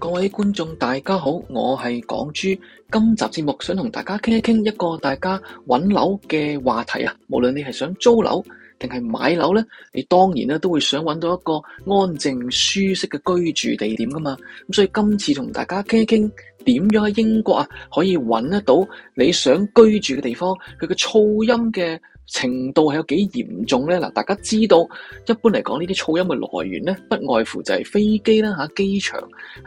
各位觀眾大家好，我係港豬。今集節目想同大家傾一傾一個大家揾樓嘅話題啊。無論你係想租樓定係買樓呢，你當然咧都會想揾到一個安靜舒適嘅居住地點噶嘛。咁所以今次同大家傾一傾，點樣喺英國啊可以揾得到你想居住嘅地方，佢嘅噪音嘅程度係有幾嚴重呢？嗱，大家知道，一般嚟講，呢啲噪音嘅來源呢，不外乎就係飛機啦，嚇機場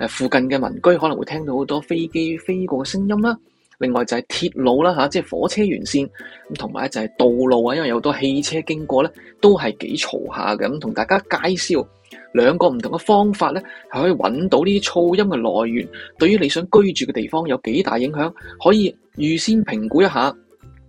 附近嘅民居可能會聽到好多飛機飛過嘅聲音啦。另外就係鐵路啦，嚇即係火車沿線咁，同埋就係道路啊，因為有好多汽車經過呢，都係幾嘈下嘅咁。同大家介紹兩個唔同嘅方法呢，係可以揾到呢啲噪音嘅來源，對於你想居住嘅地方有幾大影響，可以預先評估一下。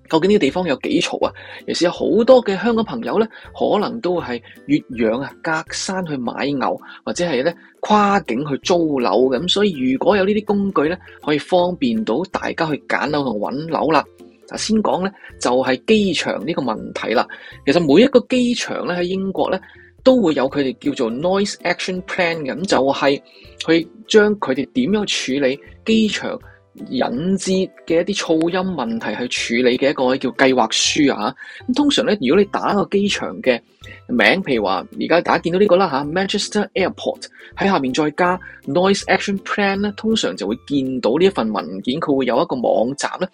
究竟呢個地方有幾嘈啊？尤其有好多嘅香港朋友咧，可能都係越洋啊，隔山去買牛，或者係咧跨境去租樓咁。所以如果有呢啲工具咧，可以方便到大家去揀樓同揾樓啦。嗱，先講咧就係、是、機場呢個問題啦。其實每一個機場咧喺英國咧都會有佢哋叫做 Noise Action Plan 咁就係去將佢哋點樣處理機場。引致嘅一啲噪音問題去處理嘅一,一個叫計劃書啊，咁通常咧，如果你打一個機場嘅名，譬如話而家大家見到呢、呢個啦、啊、Manchester Airport 喺下面再加 Noise Action Plan 咧、啊，通常就會見到呢一份文件，佢會有一個網站咧。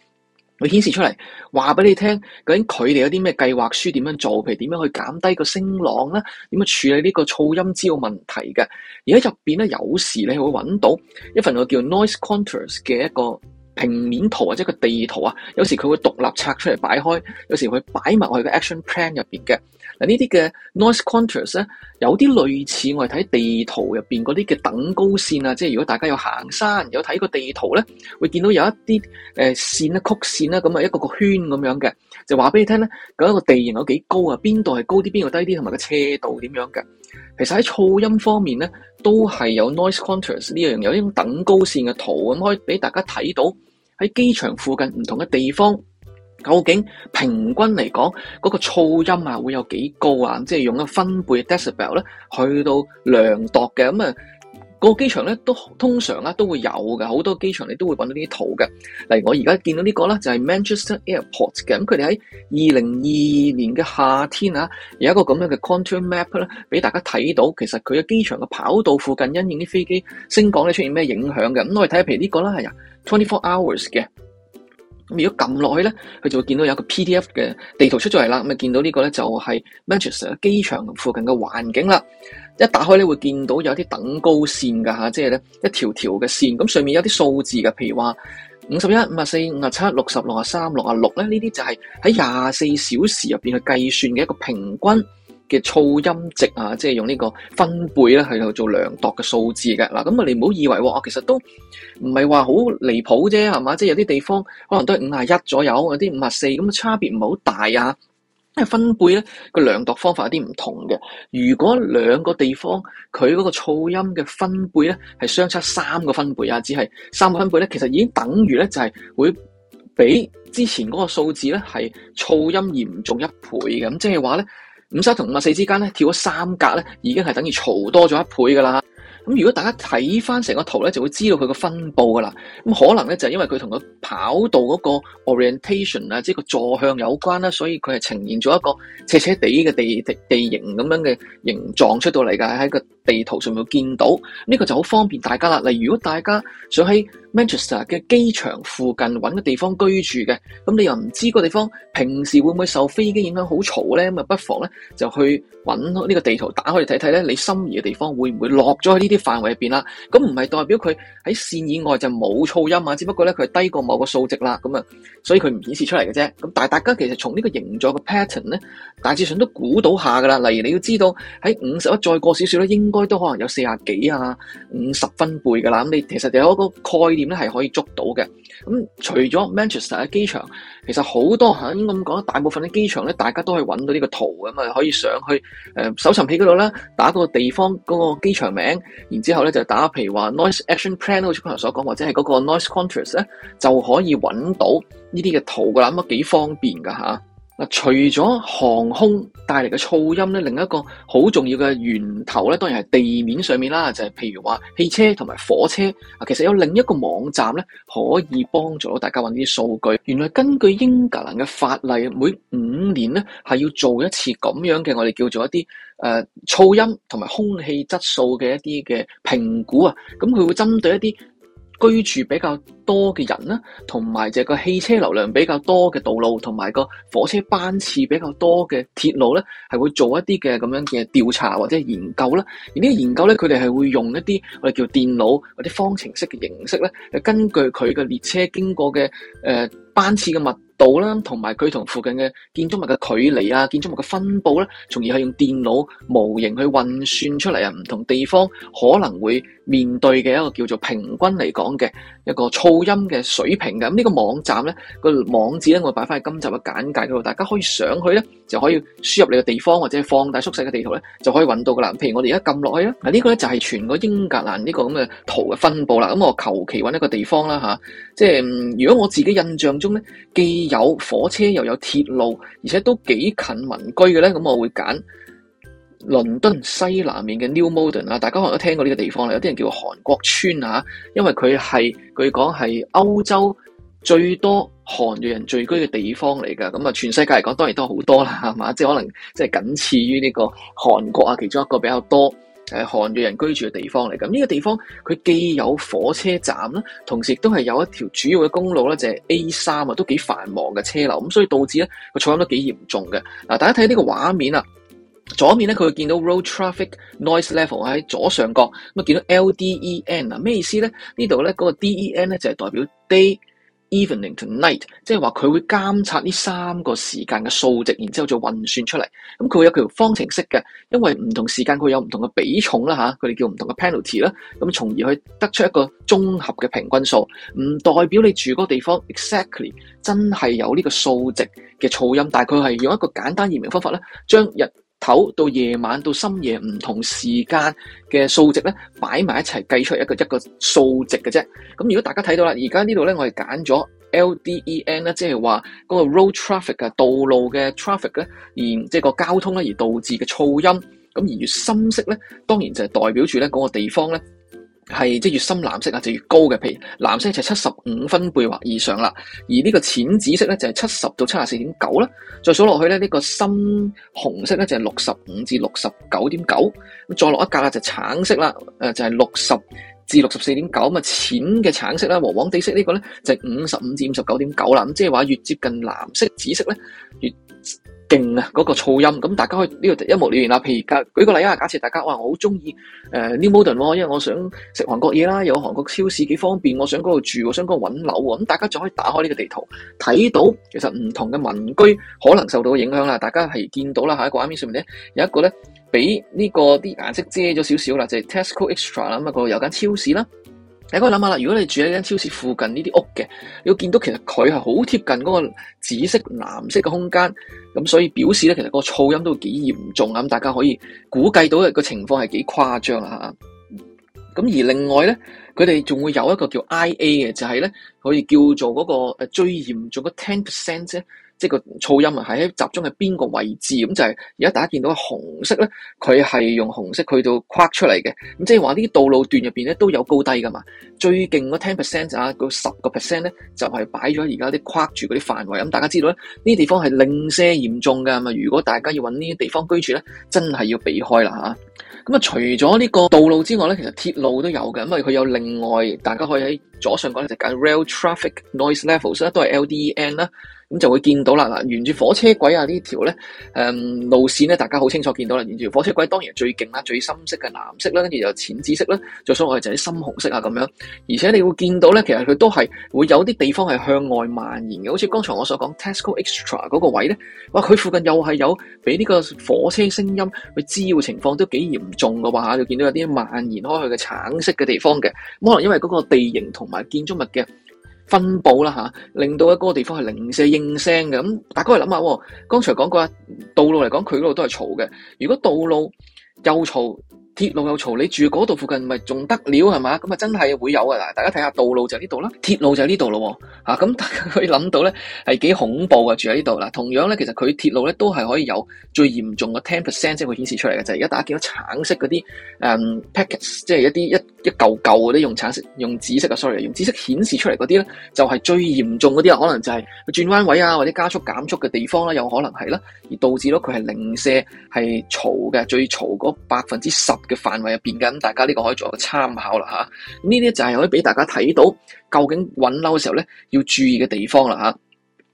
會顯示出嚟話俾你聽究竟佢哋有啲咩計劃書點樣做，譬如點樣去減低個聲浪啦，點樣處理呢個噪音之類問題嘅。而喺入面咧，有時你會揾到一份個叫 noise contours 嘅一個平面圖或者一個地圖啊。有時佢會獨立拆出嚟擺開，有時佢擺埋去個 action plan 入面嘅。呢啲嘅 noise contours 咧，有啲類似我哋睇地圖入邊嗰啲嘅等高線啊，即係如果大家有行山有睇個地圖咧，會見到有一啲誒線啦、曲線啦，咁啊一個個圈咁樣嘅，就話俾你聽咧，嗰一個地形有幾高啊，邊度係高啲，邊度低啲，同埋個斜度點樣嘅。其實喺噪音方面咧，都係有 noise contours 呢樣有一種等高線嘅圖咁，可以俾大家睇到喺機場附近唔同嘅地方。究竟平均嚟講，嗰個噪音啊會有幾高啊？即係用一個分貝 decibel 咧，去到量度嘅。咁啊，個機場咧都通常咧都會有嘅。好多機場你都會搵到呢啲圖嘅。例如我而家見到呢個啦，就係 Manchester Airport 嘅。咁佢哋喺二零二二年嘅夏天啊，有一個咁樣嘅 contour map 咧，俾大家睇到其實佢嘅機場嘅跑道附近因應啲飛機升降咧出現咩影響嘅。咁我哋睇下，譬如呢個啦係啊，twenty four hours 嘅。咁如果撳落去咧，佢就會見到有一個 PDF 嘅地圖出咗嚟啦。咁啊見到呢個咧就係 Manchester 機場附近嘅環境啦。一打開咧會見到有啲等高線嘅吓，即係咧一條條嘅線。咁上面有啲數字嘅，譬如話五十一、五十四、五十七、六十、六十三、六十六咧，呢啲就係喺廿四小時入邊去計算嘅一個平均嘅噪音值啊，即係用呢個分貝咧去到做量度嘅數字嘅嗱，咁啊你唔好以為，喎，其實都唔係話好離譜啫，係嘛？即係有啲地方可能都係五十一左右，有啲五十四，咁差別唔係好大啊。因為分貝咧個量度方法有啲唔同嘅。如果兩個地方佢嗰個噪音嘅分貝咧係相差三個分貝啊，只係三個分貝咧，其實已經等於咧就係會比之前嗰個數字咧係噪音嚴重一倍，咁即係話咧。五三同五十四之間，跳咗三格，已經係等於嘈多咗一倍㗎喇咁如果大家睇翻成個圖咧，就會知道佢個分布噶啦。咁可能咧就係因為佢同個跑道嗰個 orientation 啊，即係個坐向有關啦，所以佢係呈現咗一個斜斜地嘅地地形咁樣嘅形狀出到嚟㗎。喺個地圖上面見到呢，呢個就好方便大家啦。例如如果大家想喺 Manchester 嘅機場附近揾個地方居住嘅，咁你又唔知個地方平時會唔會受飛機影響好嘈咧，咁啊不妨咧就去揾呢個地圖打開嚟睇睇咧，看看你心儀嘅地方會唔會落咗喺啲範圍入邊啦，咁唔係代表佢喺線以外就冇噪音啊，只不過咧佢係低過某個數值啦，咁啊，所以佢唔顯示出嚟嘅啫。咁但係大家其實從呢個形狀嘅 pattern 咧，大致上都估到下㗎啦。例如你要知道喺五十一再過少少咧，應該都可能有四啊幾啊五十分貝㗎啦。咁你其實就有一個概念咧係可以捉到嘅。咁除咗 Manchester 嘅機場，其實好多肯咁講，大部分嘅機場咧，大家都係揾到呢個圖咁啊，可以上去誒、呃、搜尋器嗰度啦，打嗰個地方嗰個機場名。然之後咧就打譬如話 noise action plan 好似剛才所講，或者係嗰個 noise contours 咧就可以揾到呢啲嘅圖㗎啦，咁啊幾方便㗎吓，嗱、啊，除咗航空帶嚟嘅噪音咧，另一個好重要嘅源頭咧，當然係地面上面啦，就係、是、譬如話汽車同埋火車、啊。其實有另一個網站咧，可以幫助到大家揾啲數據。原來根據英格蘭嘅法例，每五年咧係要做一次咁樣嘅，我哋叫做一啲。誒、呃、噪音同埋空氣質素嘅一啲嘅評估啊，咁佢會針對一啲居住比較多嘅人咧、啊，同埋就係個汽車流量比較多嘅道路同埋個火車班次比較多嘅鐵路咧，係會做一啲嘅咁樣嘅調查或者研究啦、啊。而呢個研究咧，佢哋係會用一啲我哋叫電腦或者方程式嘅形式咧，根據佢嘅列車經過嘅誒、呃、班次嘅密度啦，同埋佢同附近嘅建築物嘅距離啊，建築物嘅分布咧，從而係用電腦模型去運算出嚟啊，唔同地方可能會面對嘅一個叫做平均嚟講嘅一個噪音嘅水平嘅。咁、嗯、呢、呢個網站咧、個網址咧，我擺翻喺今集嘅簡介嗰度，大家可以上去咧就可以輸入你嘅地方或者放大縮細嘅地圖咧，就可以揾到噶啦。譬如我哋而家撳落去啦，嗱、這個、呢個咧就係、係、全個英格蘭呢個咁嘅圖嘅分布啦。咁、嗯、我求其揾一個地方啦吓、啊，即係如果我自己印象中咧既有火車又有鐵路，而且都幾近民居嘅咧，咁我會揀倫敦西南面嘅 New Malden 啦。大家可能都聽過呢個地方啦，有啲人叫做韓國村啊，因為佢係佢講係歐洲最多韓裔人聚居嘅地方嚟噶。咁啊，全世界嚟講當然都好多啦，係嘛？即係可能即係僅次於呢個韓國啊，其中一個比較多。就係、是、韓裔人居住嘅地方嚟，咁、這、呢個地方佢既有火車站啦，同時亦都係有一條主要嘅公路咧，就係 A 三啊，都幾繁忙嘅車流，咁所以導致咧個噪音都幾嚴重嘅。嗱，大家睇呢個畫面啊，左面咧佢會見到 road traffic noise level 喺左上角，咁啊見到 L D E N 啊，咩意思咧？這呢度咧嗰個 D E N 咧就係、是、代表 day，evening to night，即係話佢會監察呢三個時間嘅數值，然之後再運算出嚟。咁佢會有條方程式嘅，因為唔同時間佢有唔同嘅比重啦吓，佢哋叫唔同嘅 penalty 啦，咁從而去得出一個綜合嘅平均數，唔代表你住嗰個地方 exactly 真係有呢個數值嘅噪音，但係佢係用一個簡單易明方法咧，將日頭到夜晚到深夜唔同時間嘅數值咧，擺埋一齊計出一個一個數值嘅啫。咁如果大家睇到啦，而家呢度咧，我哋揀咗 L D E N 咧，即係話嗰個 road traffic 嘅道路嘅 traffic 咧，而即係個交通咧而導致嘅噪音。咁而越深色咧，當然就係代表住咧嗰個地方咧。係即係越深藍色啊，就越高嘅。譬如藍色就七十五分貝或以上啦，而呢個淺紫色咧就係七十到七十四點九啦。再數落去咧，呢個深紅色咧就係六十五至六十九點九。咁再落一格啦，就橙色啦。誒就係六十至六十四點九。咁啊，淺嘅橙色啦，黃黃地色呢個咧就係五十五至五十九點九啦。咁即係話越接近藍色、紫色咧，越。勁啊！嗰個噪音咁，大家可以呢個一目了然啦。譬如假舉個例啊，假設大家話，我好中意誒，New Malden，因為我想食韓國嘢啦，有韓國超市幾方便，我想嗰度住，我想嗰度搵樓。咁大家就可以打開呢個地圖，睇到其實唔同嘅民居可能受到嘅影響啦。大家係見到啦，下一個畫面上面咧，有一個咧俾呢個啲顏色遮咗少少啦，就係 Tesco Extra 啦，咁啊嗰度有間超市啦。大家諗下啦，如果你住喺間超市附近呢啲屋嘅，你會見到其實佢係好貼近嗰個紫色、藍色嘅空間，咁所以表示咧其實個噪音都幾嚴重，咁大家可以估計到個情況係幾誇張啦嚇。咁、啊、而另外咧，佢哋仲會有一個叫 IA 嘅，就係、是、咧可以叫做嗰個誒最嚴重嘅 ten percent 啫。即係個噪音啊，喺集中喺邊個位置？咁就係而家大家見到紅色咧，佢係用紅色去到框出嚟嘅。咁即係話呢啲道路段入面咧都有高低噶嘛。最勁個 ten percent 啊，個十個 percent 咧就係、是、擺咗而家啲框住嗰啲範圍。咁、嗯、大家知道咧，呢啲地方係另瀉嚴重㗎嘛、嗯。如果大家要搵呢啲地方居住咧，真係要避開啦吓咁啊，嗯、除咗呢個道路之外咧，其實鐵路都有嘅。咁啊，佢有另外大家可以。喺。左上角咧就揀 rail traffic noise levels 啦，都係 LDEN 啦，咁就會見到啦嗱，沿住火車軌啊呢條咧誒路線咧，大家好清楚見到啦，沿住火車軌當然最勁啦，最深色嘅藍色啦，跟住就淺紫色啦，所就所哋就啲深紅色啊咁樣。而且你會見到咧，其實佢都係會有啲地方係向外蔓延嘅，好似剛才我所講 Tesco Extra 嗰個位咧，哇！佢附近又係有俾呢個火車聲音佢滋擾情況都幾嚴重嘅話吓，就見到有啲蔓延開去嘅橙色嘅地方嘅。可能因為嗰個地形同。同埋建築物嘅分布啦吓令到一個地方係零舍應聲嘅。咁大家嚟諗下，剛才講過啊道路嚟講，佢嗰度都係嘈嘅。如果道路又嘈，鐵路又嘈，你住嗰度附近咪仲得了係嘛？咁啊真係會有啊嗱，大家睇下道路就係呢度啦，鐵路就喺呢度咯嚇。咁、啊嗯、大家可以諗到咧係幾恐怖啊住喺呢度嗱。同樣咧，其實佢鐵路咧都係可以有最嚴重嘅 ten percent 先會顯示出嚟嘅，就係而家大家見到橙色嗰啲誒 packets，即係一啲一一嚿嚿嗰啲用橙色用紫色啊，sorry，用紫色顯示出嚟嗰啲咧，就係最嚴重嗰啲啦。可能就係轉彎位啊，或者加速減速嘅地方咧，有可能係啦，而導致到佢係零舍係嘈嘅，最嘈嗰百分之十。嘅範圍入邊嘅咁，大家呢個可以做個參考啦吓，呢啲就係可以俾大家睇到究竟搵樓嘅時候咧要注意嘅地方啦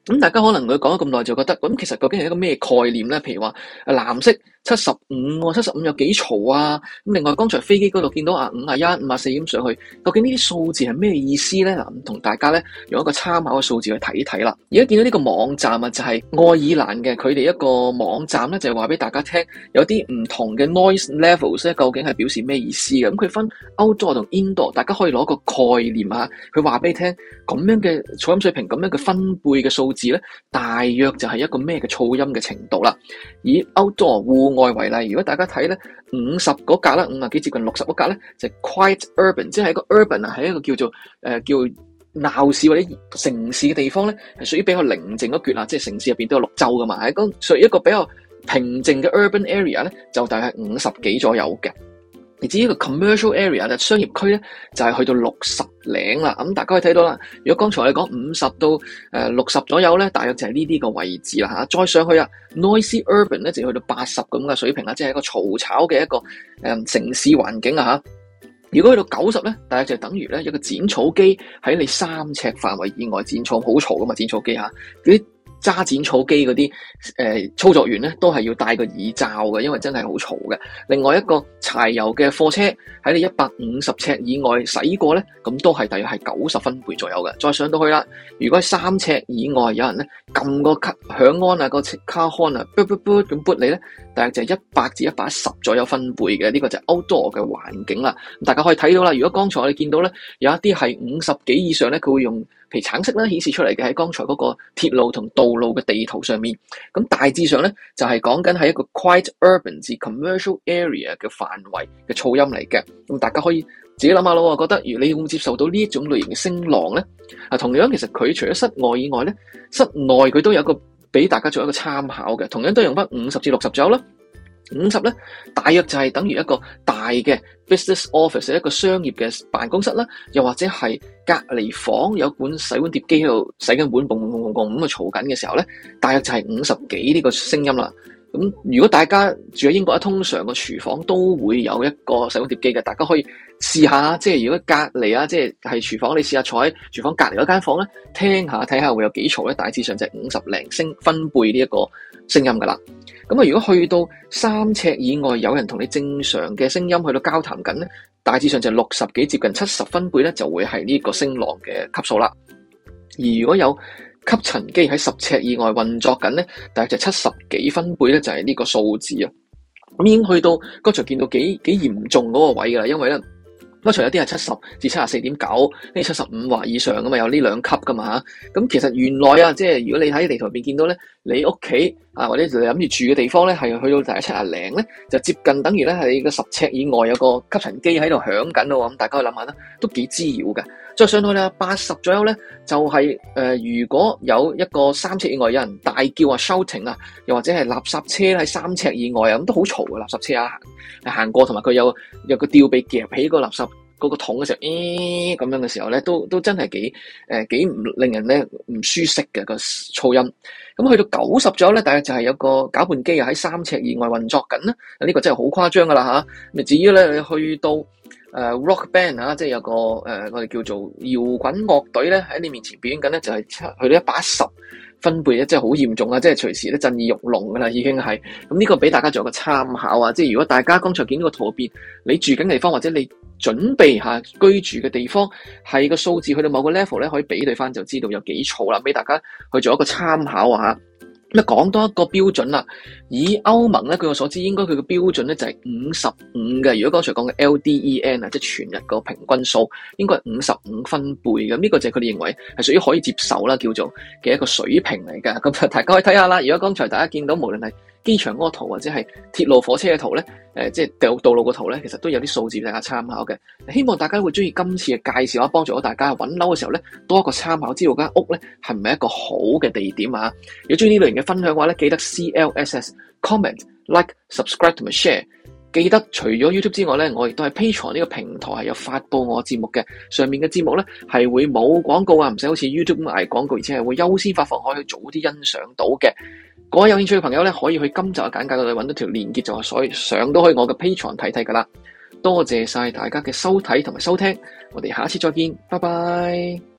吓，咁大家可能佢講咗咁耐，就覺得咁其實究竟係一個咩概念咧？譬如話藍色。七十五，七十五有幾嘈啊？咁另外，剛才飛機嗰度見到啊，五啊一、五啊四咁上去，究竟呢啲數字係咩意思咧？嗱，咁同大家咧用一個參考嘅數字去睇一睇啦。而家見到呢個網站啊，就係、是、愛爾蘭嘅佢哋一個網站咧，就係話俾大家聽，有啲唔同嘅 noise levels 咧，究竟係表示咩意思嘅？咁佢分 outdoor 同 indoor，大家可以攞個概念下，佢話俾你聽，咁樣嘅噪音水平，咁樣嘅分貝嘅數字咧，大約就係一個咩嘅噪音嘅程度啦。而 outdoor，外圍啦，如果大家睇咧五十嗰格啦，五十幾接近六十嗰格咧，就是、quite urban，即係一個 urban 啊，係一個叫做誒、呃、叫鬧市或者城市嘅地方咧，係屬於比較寧靜嗰橛啊，即係城市入邊都有綠洲噶嘛，喺嗰屬於一個比較平靜嘅 urban area 咧，就大概五十幾左右嘅。而至於個 commercial area 嘅商業區咧，就係去到六十零啦。咁大家可以睇到啦，如果剛才我哋講五十到誒六十左右咧，大約就係呢啲個位置啦嚇。再上去啊，noisy urban 咧就去到八十咁嘅水平啦，即係一個嘈吵嘅一個誒、嗯、城市環境啊嚇。如果去到九十咧，大約就等於咧一個剪草機喺你三尺範圍以外剪草好嘈噶嘛，剪草機嚇。揸剪草機嗰啲誒操作員咧，都係要戴個耳罩嘅，因為真係好嘈嘅。另外一個柴油嘅貨車喺你一百五十尺以外駛過咧，咁都係大約係九十分貝左右嘅。再上到去啦，如果係三尺以外有人咧撳個響安啊個卡康啊，咁撥你咧，大約就係一百至一百一十左右分貝嘅。呢個就係 Outdoor 嘅環境啦。大家可以睇到啦，如果剛才我哋見到咧，有一啲係五十幾以上咧，佢會用。橙色咧，顯示出嚟嘅喺剛才嗰個鐵路同道路嘅地圖上面，咁大致上咧就係講緊係一個 quite urban 至 commercial area 嘅範圍嘅噪音嚟嘅，咁大家可以自己諗下咯，我覺得如你會唔會接受到呢一種類型嘅聲浪咧？啊，同樣其實佢除咗室外以外咧，室內佢都有個俾大家做一個參考嘅，同樣都用翻五十至六十左右啦。五十咧，大約就係等於一個大嘅 business office，一個商業嘅辦公室啦，又或者係隔離房有管洗碗碟機喺度洗緊碗碟碟碟，嘣嘣嘣咁啊嘈緊嘅時候咧，大約就係五十幾呢個聲音啦。咁如果大家住喺英國，通常個廚房都會有一個洗碗碟，碟機嘅，大家可以試下，即係如果隔離啊，即係係廚房，你試下坐喺廚房隔離嗰間房咧，聽下睇下會有幾嘈咧，大致上就係五十零聲分貝呢、這、一個。聲音噶啦，咁啊如果去到三尺以外有人同你正常嘅聲音去到交談緊咧，大致上就六十幾接近七十分貝咧就會係呢個聲浪嘅級數啦。而如果有吸塵機喺十尺以外運作緊咧，大概就七十幾分貝咧就係呢個數字啊。咁已經去到剛才見到幾幾嚴重嗰個位噶啦，因為咧。咁除咗啲係七十至七十四點九，呢七十五或以上噶嘛，有呢兩級噶嘛嚇。咁其實原來啊，即係如果你喺地圖入邊見到咧，你屋企啊或者諗住住嘅地方咧，係去到第一七啊零咧，就接近等於咧係你個十尺以外有個吸塵機喺度響緊咯。咁大家諗下啦，都幾滋擾嘅。再上去咧八十左右咧，就係、是、誒、呃，如果有一個三尺以外有人大叫啊、shouting 啊，又或者係垃圾車喺三尺以外啊，咁都好嘈嘅垃圾車啊行，行過，同埋佢有有個吊臂夾起、那個垃圾。嗰、那個桶嘅時候，咦、欸、咁樣嘅時候咧，都都真係幾誒唔、呃、令人咧唔舒適嘅、那個噪音。咁去到九十左右咧，大約就係有個攪拌機啊喺三尺以外運作緊啦。呢、這個真係好誇張噶啦嚇。咪、啊、至於咧，你去到誒、呃、rock band 啊，即係有個誒、呃、我哋叫做搖滾樂隊咧喺你面前表演緊咧，就係、是、去到一百十。分貝咧真係好嚴重啊！即係隨時都震耳欲聾噶啦，已經係咁呢個俾大家做一個參考啊！即係如果大家剛才見到這個圖片，你住緊地方或者你準備下居住嘅地方，係個數字去到某個 level 咧，可以比對翻就知道有幾嘈啦，俾大家去做一個參考啊嚇。咁講多一個標準啦。以歐盟咧，據我所知，應該佢嘅標準咧就係五十五嘅。如果剛才講嘅 LDEN 啊，即全日個平均數，應該係五十五分貝嘅。呢個就係佢哋認為係屬於可以接受啦，叫做嘅一個水平嚟嘅。咁大家可以睇下啦。如果剛才大家見到無論係機場嗰個圖或者係鐵路、火車嘅圖咧，誒、呃，即係道路個圖咧，其實都有啲數字俾大家參考嘅。希望大家會中意今次嘅介紹啊，幫助到大家揾樓嘅時候咧，多一個參考，知道間屋咧係唔係一個好嘅地點啊！有中意呢類型嘅分享嘅話咧，記得 CLSS comment like subscribe to share。記得除咗 YouTube 之外咧，我亦都係 Patreon 呢個平台係有發佈我嘅節目嘅，上面嘅節目咧係會冇廣告啊，唔使好似 YouTube 咁捱廣告，而且係會優先發放，可以早啲欣賞到嘅。各位有興趣嘅朋友咧，可以去今集嘅簡介度揾到條連結，就係所以上到去我嘅 Patreon 睇睇噶啦。多謝晒大家嘅收睇同埋收聽，我哋下次再見，拜拜。